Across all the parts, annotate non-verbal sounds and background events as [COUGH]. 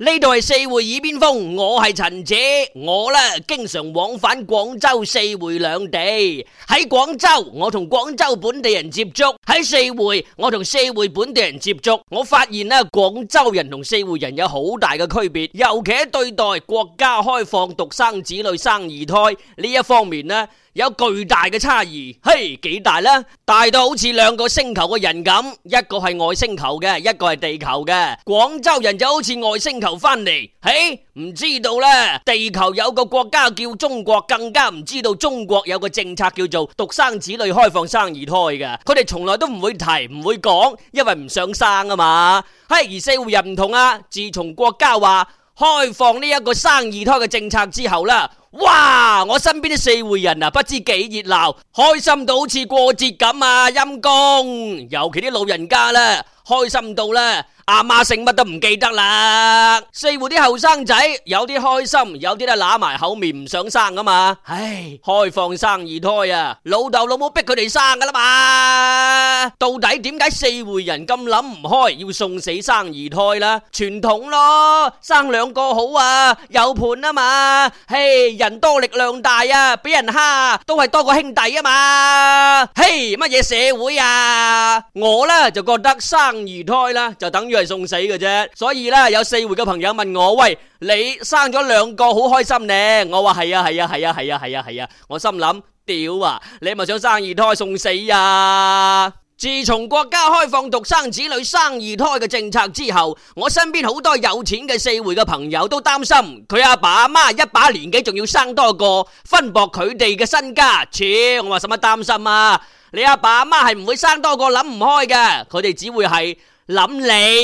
呢度係四會耳邊風，我係陳姐，我呢經常往返廣州四會兩地。喺廣州，我同廣州本地人接觸；喺四會，我同四會本地人接觸。我發現呢，廣州人同四會人有好大嘅區別，尤其對待國家開放獨生子女生二胎呢一方面呢。有巨大嘅差異，嘿，幾大咧？大到好似兩個星球嘅人咁，一個係外星球嘅，一個係地球嘅。廣州人就好似外星球翻嚟，嘿，唔知道啦。地球有個國家叫中國，更加唔知道中國有個政策叫做獨生子女開放生二胎嘅，佢哋從來都唔會提，唔會講，因為唔想生啊嘛。嘿，而四會又唔同啊，自從國家話開放呢一個生二胎嘅政策之後啦。哇！我身邊啲四會人啊，不知幾熱鬧，開心到好似過節咁啊！陰公，尤其啲老人家啦，開心到啦，阿媽姓乜都唔記得啦。四會啲後生仔有啲開心，有啲都揦埋口面唔想生噶嘛。唉，開放生二胎啊，老豆老母逼佢哋生噶啦嘛。到底點解四會人咁諗唔開，要送死生二胎啦？傳統咯，生兩個好啊，有伴啊嘛。嘿、hey。人多力量大啊！俾人蝦都係多個兄弟啊嘛！嘿，乜嘢社會啊？我呢，就覺得生二胎啦，就等於係送死嘅啫。所以呢，有四會嘅朋友問我：喂，你生咗兩個好開心呢？我話係啊，係啊，係啊，係啊，係啊，係啊，啊！我心諗：屌啊！你咪想生二胎送死啊？自從國家開放獨生子女生二胎嘅政策之後，我身邊好多有錢嘅四會嘅朋友都擔心佢阿爸阿媽一把年紀仲要生多個，分薄佢哋嘅身家。切，我話使乜擔心啊？你阿爸阿媽係唔會生多個諗唔開嘅，佢哋只會係諗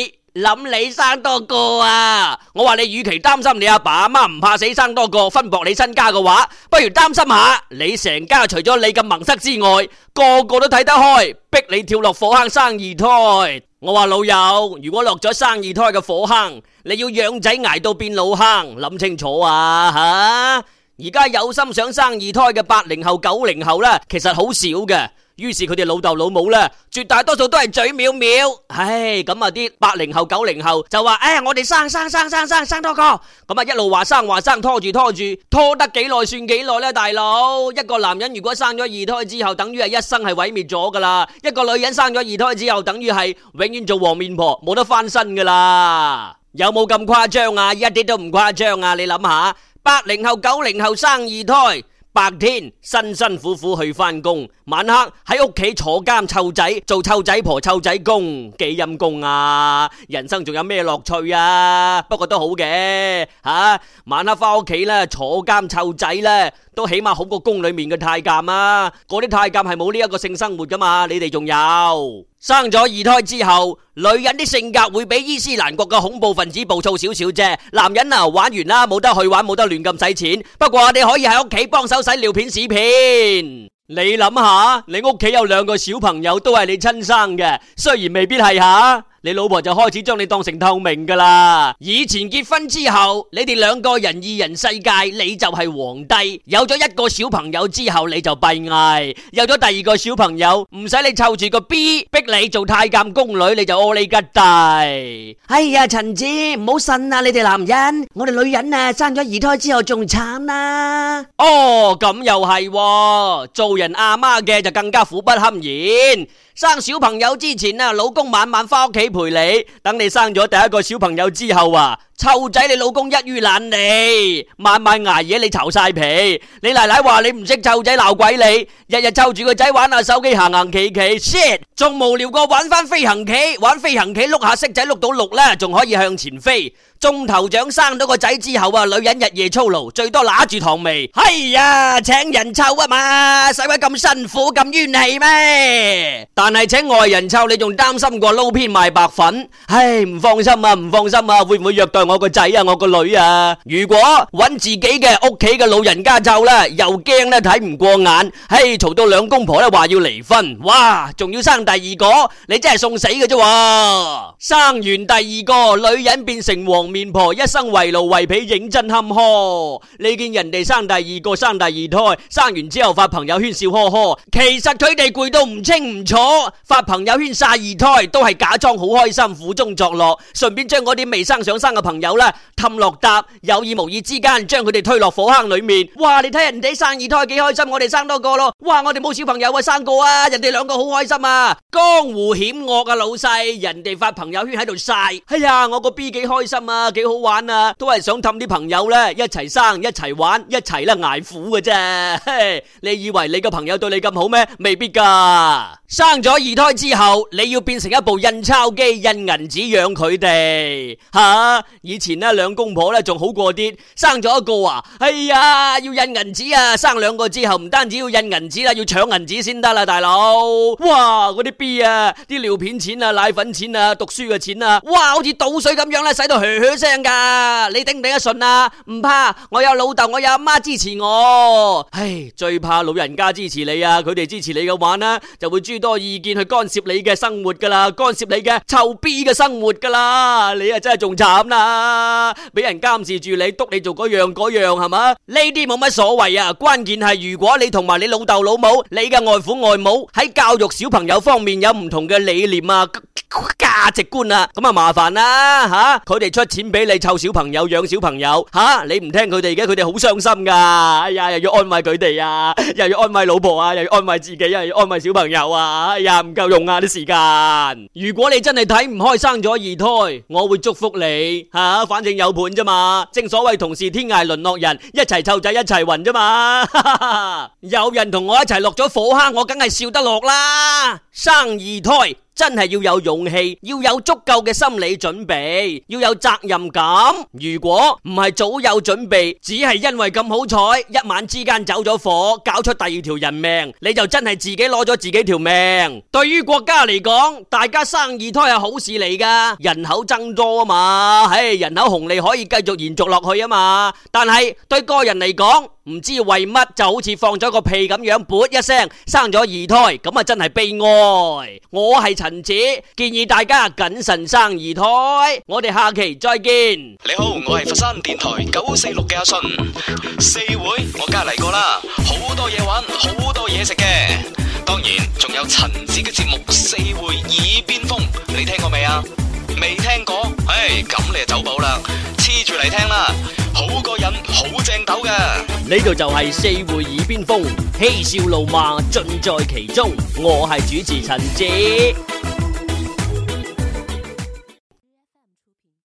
你。諗你生多個啊！我話你，與其擔心你阿爸阿媽唔怕死生多個，分薄你身家嘅話，不如擔心下你成家除咗你咁懵塞之外，個個都睇得開，逼你跳落火坑生二胎。我話老友，如果落咗生二胎嘅火坑，你要養仔捱到變老坑，諗清楚啊！吓，而家有心想生二胎嘅八零後九零後啦，其實好少嘅。於是佢哋老豆老母呢，絕大多數都係嘴藐藐。唉，咁啊啲八零後九零後就話，唉、哎，我哋生生生生生生多個，咁啊一路話生話生拖住拖住，拖得幾耐算幾耐呢？大佬，一個男人如果生咗二胎之後，等於係一生係毀滅咗噶啦。一個女人生咗二胎之後，等於係永遠做黃面婆，冇得翻身噶啦。有冇咁誇張啊？一啲都唔誇張啊！你諗下，八零後九零後生二胎。白天辛辛苦苦去返工，晚黑喺屋企坐監湊仔，做湊仔婆湊仔公，幾陰功啊！人生仲有咩樂趣啊？不過都好嘅，吓、啊、晚黑返屋企啦，坐監湊仔啦，都起碼好過宮裏面嘅太監啊！嗰啲太監係冇呢一個性生活噶嘛，你哋仲有。生咗二胎之後，女人啲性格會比伊斯蘭國嘅恐怖分子暴躁少少啫。男人啊，玩完啦，冇得去玩，冇得亂咁使錢。不過你可以喺屋企幫手洗尿片屎片。你諗下，你屋企有兩個小朋友都係你親生嘅，雖然未必係吓。啊你老婆就開始將你當成透明噶啦！以前結婚之後，你哋兩個人二人世界，你就係皇帝。有咗一個小朋友之後，你就閉翳；有咗第二個小朋友，唔使你湊住個 B，逼你做太監宮女，你就阿你吉大。哎呀，陳志，唔好信啊！你哋男人，我哋女人啊，生咗二胎之後仲慘啦。慘啊、哦，咁又係，做人阿媽嘅就更加苦不堪言。生小朋友之前啊，老公晚晚翻屋企。陪你，等你生咗第一個小朋友之後啊。臭仔，你老公一於懶你，晚晚挨夜，你愁晒皮。你奶奶話你唔識湊仔，鬧鬼你，日日湊住個仔玩下手機，行行企企。shit，仲無聊過玩翻飛行棋，玩飛行棋碌下骰仔，碌到六啦，仲可以向前飛。中頭獎。生咗個仔之後啊，女人日夜操勞，最多拿住糖味。係、哎、呀，請人湊啊嘛，使鬼咁辛苦咁冤氣咩？但係請外人湊，你仲擔心過撈偏賣白粉？唉，唔放心啊，唔放心啊，會唔會虐待？我個仔啊，我個女啊，如果揾自己嘅屋企嘅老人家湊啦，又驚咧睇唔過眼，嘿，嘈到兩公婆咧話要離婚，哇，仲要生第二個，你真係送死嘅啫。生完第二個女人變成黃面婆，一生為奴為婢，認真坎坷。你見人哋生第二個，生第二胎，生完之後發朋友圈笑呵呵，其實佢哋攰到唔清唔楚，發朋友圈晒二胎都係假裝好開心，苦中作樂，順便將嗰啲未生想生嘅朋友朋友啦，氹落搭，有意無意之間將佢哋推落火坑裏面。哇！你睇人哋生二胎幾開心，我哋生多個咯。哇！我哋冇小朋友啊，生個啊，人哋兩個好開心啊。江湖險惡啊，老細，人哋發朋友圈喺度晒。哎呀，我個 B 幾開心啊，幾好玩啊，都係想氹啲朋友咧，一齊生，一齊玩，一齊啦捱苦嘅啫。Hey, 你以為你個朋友對你咁好咩？未必噶。生咗二胎之後，你要變成一部印鈔機，印銀紙養佢哋吓。以前咧，兩公婆咧仲好過啲，生咗一個啊，哎呀要印銀紙啊，生兩個之後唔單止要印銀紙啦，要搶銀紙先得啦，大佬，哇，嗰啲 B 啊，啲尿片錢啊、奶粉錢啊、讀書嘅錢啊，哇好似倒水咁樣咧，使到噓噓聲噶，你頂唔頂得順啊？唔怕，我有老豆，我有阿媽支持我。唉，最怕老人家支持你啊，佢哋支持你嘅話呢，就會諸多意見去干涉你嘅生活噶啦，干涉你嘅臭 B 嘅生活噶啦，你啊真係仲慘啦。啊！俾人監視住你，督你做嗰樣嗰樣，係嘛？呢啲冇乜所謂啊！關鍵係如果你同埋你老豆老母、你嘅外父外母喺教育小朋友方面有唔同嘅理念啊、價值觀啊，咁啊麻煩啦吓！佢哋出錢俾你湊小朋友養小朋友，吓你唔聽佢哋嘅，佢哋好傷心噶！哎呀，又要安慰佢哋啊，又要安慰老婆啊，又要安慰自己，又要安慰小朋友啊！哎呀，唔夠用啊啲時間。如果你真係睇唔開生咗二胎，我會祝福你吓。反正有伴啫嘛，正所謂同是天涯淪落人，一齊湊仔一齊混啫嘛， [LAUGHS] 有人同我一齊落咗火坑，我梗係笑得落啦，生二胎。真係要有勇氣，要有足夠嘅心理準備，要有責任感。如果唔係早有準備，只係因為咁好彩，一晚之間走咗火，搞出第二條人命，你就真係自己攞咗自己條命。對於國家嚟講，大家生二胎係好事嚟㗎，人口增多啊嘛，唉，人口紅利可以繼續延續落去啊嘛。但係對個人嚟講，唔知為乜，就好似放咗個屁咁樣，噗一聲生咗二胎，咁啊真係悲哀。我係陳子，建議大家謹慎生二胎。我哋下期再見。你好，我係佛山電台九四六嘅阿信。四會，我梗係嚟過啦，好多嘢玩，好多嘢食嘅。當然，仲有陳子嘅節目《四會耳邊風》，你聽過未啊？未聽過？唉，咁你就走寶啦，黐住嚟聽啦。好過癮，好正斗嘅，呢度就係四會耳邊風，嬉笑怒罵盡在其中。我係主持陳姐。